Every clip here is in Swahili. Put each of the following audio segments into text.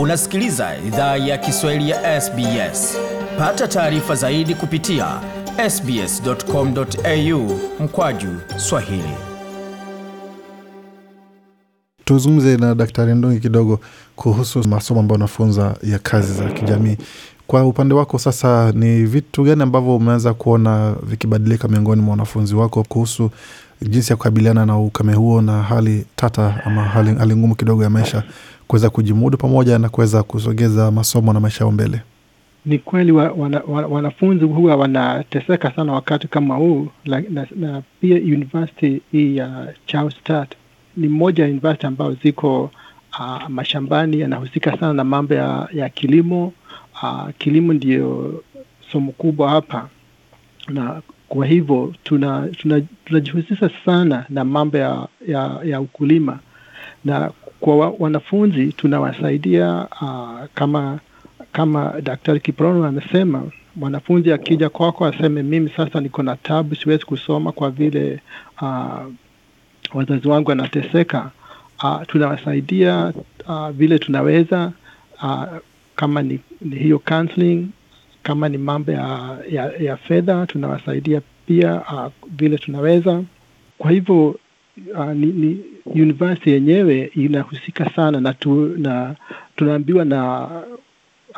Unasikiliza idhaa ya Kiswahili ya SBS. Pata taarifa zaidi kupitia sbs.com.au mkwaju swahili. Tuzungumze na Daktari Ndungi kidogo kuhusu masomo ambayo unafunza ya kazi za kijamii. Kwa upande wako sasa, ni vitu gani ambavyo umeanza kuona vikibadilika miongoni mwa wanafunzi wako kuhusu jinsi ya kukabiliana na ukame huo na hali tata ama hali, hali ngumu kidogo ya maisha kuweza kujimudu pamoja na kuweza kusogeza masomo na maisha yao mbele. Ni kweli wa, wana, wa, wanafunzi huwa wanateseka sana wakati kama huu na, na, na pia university hii ya uh, Charles Sturt ni mmoja ya university ambayo ziko uh, mashambani yanahusika sana na mambo ya, ya kilimo uh, kilimo ndiyo somo kubwa hapa na kwa hivyo tunajihusisha tuna, tuna sana na mambo ya, ya, ya ukulima na kwa wanafunzi tunawasaidia uh, kama kama Daktari Kiprono amesema, mwanafunzi akija kwako aseme mimi sasa niko na tabu, siwezi kusoma kwa vile uh, wazazi wangu wanateseka. Uh, tunawasaidia uh, vile tunaweza uh, kama ni, ni hiyo counseling, kama ni mambo ya, ya, ya fedha tunawasaidia pia uh, vile tunaweza. Kwa hivyo uh, ni, ni university yenyewe inahusika sana na, tu, na tunaambiwa na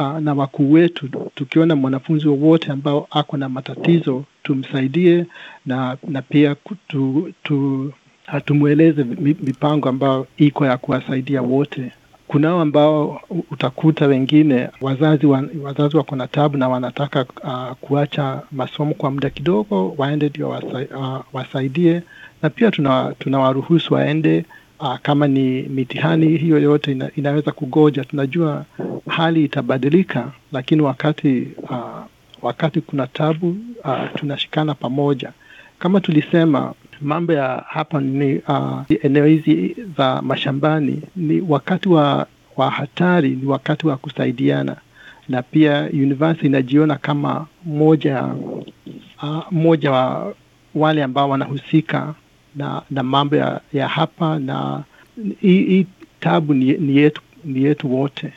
uh, na wakuu wetu, tukiona mwanafunzi wowote ambao ako na matatizo tumsaidie, na na pia tu, tumweleze mipango ambayo iko ya kuwasaidia wote. Kunao ambao utakuta wengine wazazi wa, wazazi wako na tabu na wanataka uh, kuacha masomo kwa muda kidogo, waende ndio wasa, uh, wasaidie na pia tunawaruhusu tuna waende uh, kama ni mitihani hiyo yote ina, inaweza kugoja. Tunajua hali itabadilika, lakini wakati uh, wakati kuna tabu uh, tunashikana pamoja. Kama tulisema mambo ya hapa ni uh, eneo hizi za mashambani ni wakati wa, wa hatari, ni wakati wa kusaidiana, na pia university inajiona kama moja uh, moja wa wale ambao wanahusika na, na mambo ya, ya hapa na hii tabu ni, ni, yetu, ni yetu wote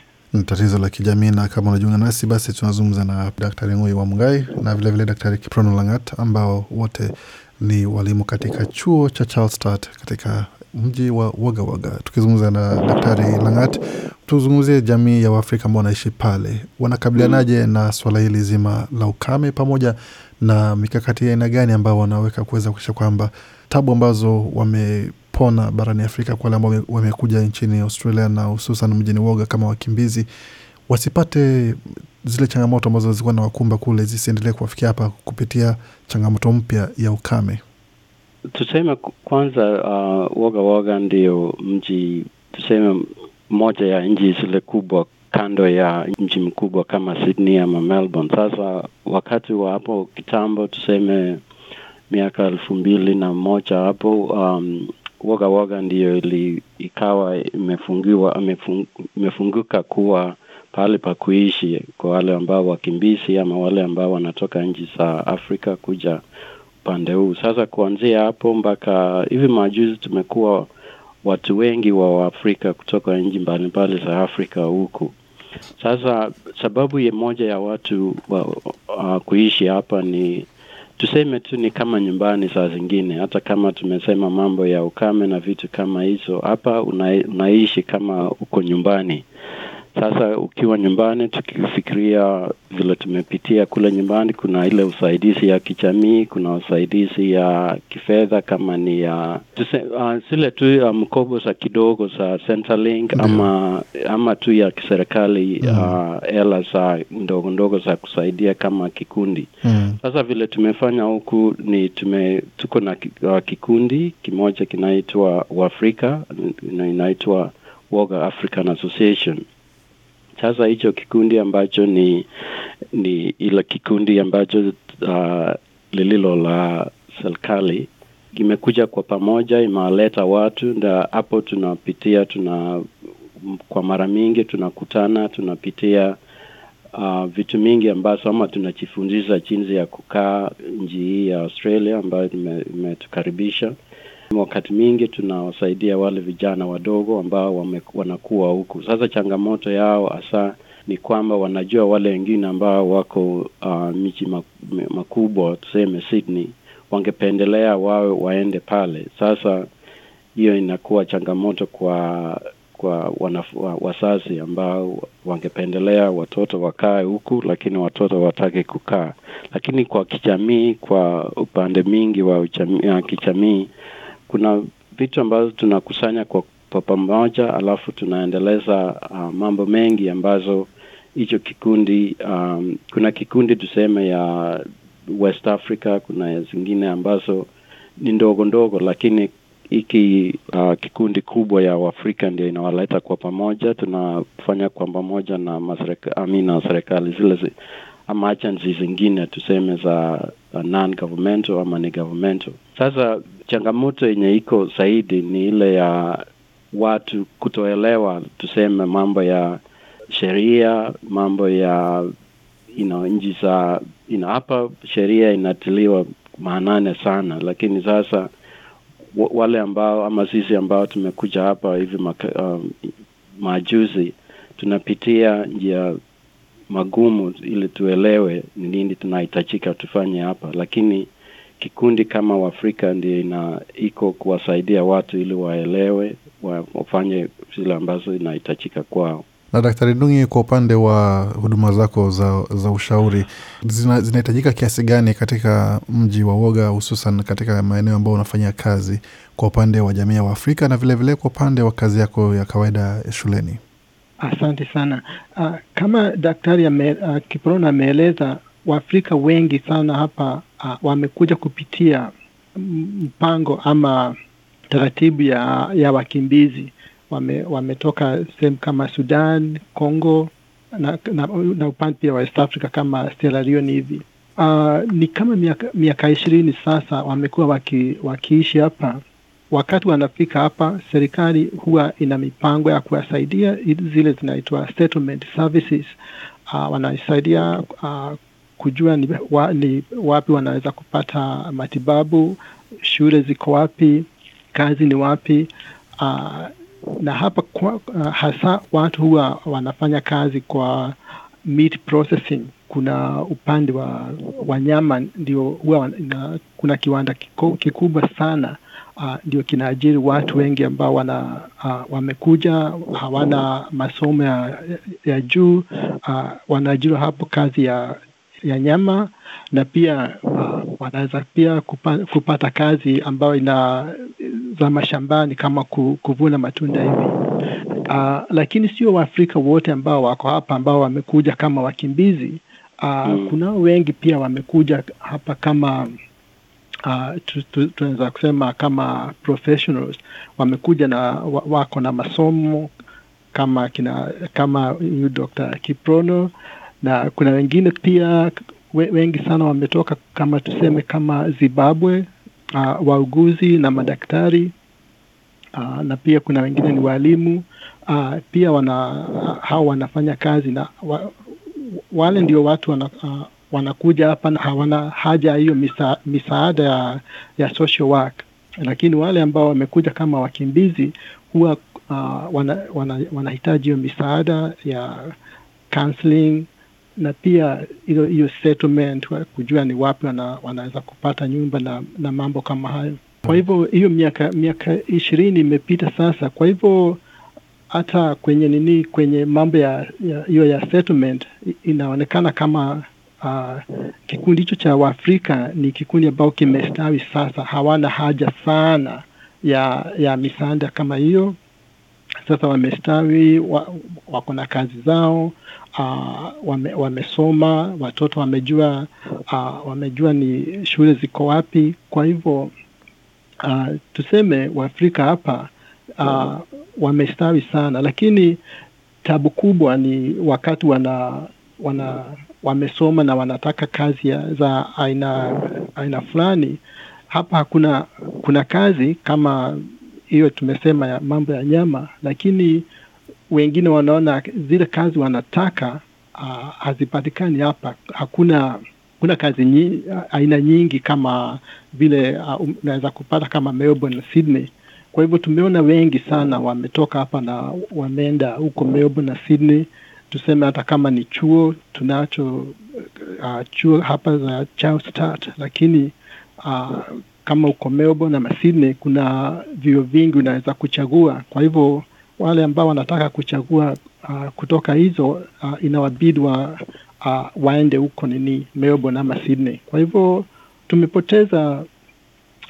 tatizo la kijamii. Na kama unajiunga nasi basi, tunazungumza na Daktari Ngui wa Mungai na vilevile Daktari Kiprono Langat ambao wote ni walimu katika chuo cha Charles katika mji wa Wagawaga. Tukizungumza na Daktari Langat, tuzungumzie jamii ya Waafrika ambao wanaishi pale, wanakabilianaje na swala hili zima la ukame, pamoja na mikakati ya aina gani ambao wanaweka kuweza kuisha kwamba tabu ambazo wamepona barani Afrika kwa wale ambao wamekuja nchini Australia na hususan mjini Woga kama wakimbizi wasipate zile changamoto ambazo zilikuwa na wakumba kule zisiendelee kuwafikia hapa kupitia changamoto mpya ya ukame? Tuseme kwanza, uh, Woga Woga ndio mji tuseme moja ya nchi zile kubwa kando ya mji mkubwa kama Sydney ama Melbourne. Sasa wakati wa hapo kitambo, tuseme miaka elfu mbili na moja hapo um, Woga Woga ndiyo ili, ikawa imefungiwa imefunguka kuwa pahali pa kuishi kwa wale ambao wakimbizi ama wale ambao wanatoka nchi za Afrika kuja upande huu. Sasa kuanzia hapo mpaka hivi majuzi tumekuwa watu wengi wa Waafrika kutoka nchi mbalimbali za Afrika huku. Sasa sababu ya moja ya watu wa, uh, kuishi hapa ni tuseme tu ni kama nyumbani, saa zingine hata kama tumesema mambo ya ukame na vitu kama hizo, hapa una, unaishi kama uko nyumbani sasa ukiwa nyumbani, tukifikiria vile tumepitia kule nyumbani, kuna ile usaidizi ya kijamii, kuna usaidizi ya kifedha kama ni ya uh, zile uh, tu ya mkopo za kidogo za Centrelink ama ama tu ya kiserikali mm. uh, hela uh, za ndogo ndogo za kusaidia kama kikundi. Mm. Sasa vile tumefanya huku ni tume, tuko na uh, kikundi kimoja kinaitwa Uafrika, inaitwa Woga African Association sasa hicho kikundi ambacho ni ni ile kikundi ambacho uh, lililo la serikali kimekuja kwa pamoja, imewaleta watu, na hapo tunapitia tuna kwa mara mingi tunakutana, tunapitia uh, vitu mingi ambazo ama tunajifundisha jinsi ya kukaa nchi hii ya Australia ambayo imetukaribisha ime Wakati mingi tunawasaidia wale vijana wadogo ambao wame, wanakuwa huku. Sasa changamoto yao hasa ni kwamba wanajua wale wengine ambao wako uh, miji makubwa tuseme Sydney, wangependelea wawe waende pale. Sasa hiyo inakuwa changamoto kwa kwa wanafu, wa, ambao wangependelea watoto wakae huku, lakini watoto watake kukaa. Lakini kwa kijamii, kwa upande mingi wa kijamii kuna vitu ambazo tunakusanya kwa, kwa pamoja alafu tunaendeleza uh, mambo mengi ambazo hicho kikundi um, kuna kikundi tuseme ya West Africa, kuna zingine ambazo ni ndogo ndogo, lakini hiki uh, kikundi kubwa ya uafrika ndio inawaleta kwa pamoja. Tunafanya kwa pamoja na amina serikali zile zi, zingine tuseme za non governmental ama ni governmental. Sasa changamoto yenye iko zaidi ni ile ya watu kutoelewa, tuseme mambo ya sheria, mambo ya you know, nchi za you know, hapa sheria inatiliwa maanane sana, lakini sasa wale ambao ama sisi ambao tumekuja hapa hivi um, majuzi tunapitia njia magumu ili tuelewe ni nini tunahitajika tufanye hapa, lakini kikundi kama Waafrika ndio ina iko kuwasaidia watu ili waelewe wafanye zile ambazo inahitajika kwao. Na Daktari Ndungi, kwa upande wa huduma zako za, za ushauri zinahitajika kiasi gani katika mji wa Woga, hususan katika maeneo ambayo unafanya kazi kwa upande wa jamii ya Waafrika na vilevile vile kwa upande wa kazi yako ya kawaida shuleni? Asante sana. Uh, kama daktari uh, ah, Kiprona ameeleza Waafrika wengi sana hapa uh, wamekuja kupitia mpango ama taratibu ya, ya wakimbizi wame, wametoka sehemu kama Sudan, Congo na, na, na upande pia wa West Africa kama Sierra Leone hivi. Uh, ni kama miaka, miaka ishirini sasa wamekuwa waki, wakiishi hapa. Wakati wanafika hapa, serikali huwa ina mipango ya kuwasaidia zile zinaitwa settlement services. Uh, wanasaidia uh, kujua ni, wa, ni wapi wanaweza kupata matibabu, shule ziko wapi, kazi ni wapi. Uh, na hapa kwa, uh, hasa watu huwa wanafanya kazi kwa meat processing. Kuna upande wa wanyama ndio huwa na, kuna kiwanda kikubwa sana uh, ndio kinaajiri watu wengi ambao wana uh, wamekuja hawana masomo ya, ya juu uh, wanaajiriwa hapo kazi ya ya nyama na pia uh, wanaweza pia kupata, kupata kazi ambayo ina za mashambani kama kuvuna matunda hivi. Uh, lakini sio Waafrika wote ambao wako hapa ambao wamekuja kama wakimbizi uh, mm. Kunao wengi pia wamekuja hapa kama uh, tunaweza kusema kama professionals wamekuja na wako na masomo kama kina kama huyu Dr. Kiprono na kuna wengine pia we, wengi sana wametoka kama tuseme kama Zimbabwe, uh, wauguzi na madaktari uh, na pia kuna wengine ni walimu uh, pia wana hao wanafanya kazi na wa, wale ndio watu wana, uh, wanakuja hapa na hawana haja hiyo misa, misaada ya, ya social work, lakini wale ambao wamekuja kama wakimbizi huwa uh, wanahitaji wana, wana hiyo misaada ya counseling na pia hiyo hiyo settlement kujua ni wapi wana, wanaweza kupata nyumba na, na mambo kama hayo. Kwa hivyo hiyo miaka miaka ishirini imepita sasa, kwa hivyo hata kwenye nini, kwenye mambo ya hiyo ya, ya settlement inaonekana kama uh, kikundi hicho cha Waafrika ni kikundi ambao kimestawi sasa, hawana haja sana ya ya misaada kama hiyo. Sasa wamestawi, wa, wako na kazi zao, uh, wame, wamesoma watoto wamejua uh, wamejua ni shule ziko wapi. Kwa hivyo uh, tuseme Waafrika hapa uh, wamestawi sana, lakini tabu kubwa ni wakati wana, wana wamesoma na wanataka kazi za aina aina fulani. Hapa hakuna kuna kazi kama hiyo tumesema ya mambo ya nyama, lakini wengine wanaona zile kazi wanataka uh, hazipatikani hapa. Hakuna kuna kazi nyi, aina nyingi kama vile uh, ah, unaweza um, kupata kama Melbourne na Sydney. Kwa hivyo tumeona wengi sana wametoka hapa na wameenda huko Melbourne na Sydney. Tuseme hata kama ni chuo tunacho uh, chuo hapa za Charlestown, lakini uh, kama uko Melbourne na Sydney kuna vio vingi unaweza kuchagua, kwa hivyo wale ambao wanataka kuchagua uh, kutoka hizo uh, inawabidi wa, uh, waende huko nini Melbourne ama Sydney. Kwa hivyo tumepoteza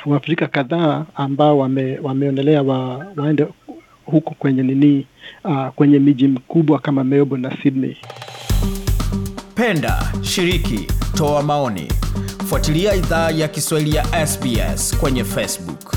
Waafrika kadhaa ambao wame, wameonelea wa, waende huko kwenye nini uh, kwenye miji mkubwa kama Melbourne na Sydney. Penda, shiriki, toa maoni. Fuatilia idhaa ya Kiswahili ya SBS kwenye Facebook.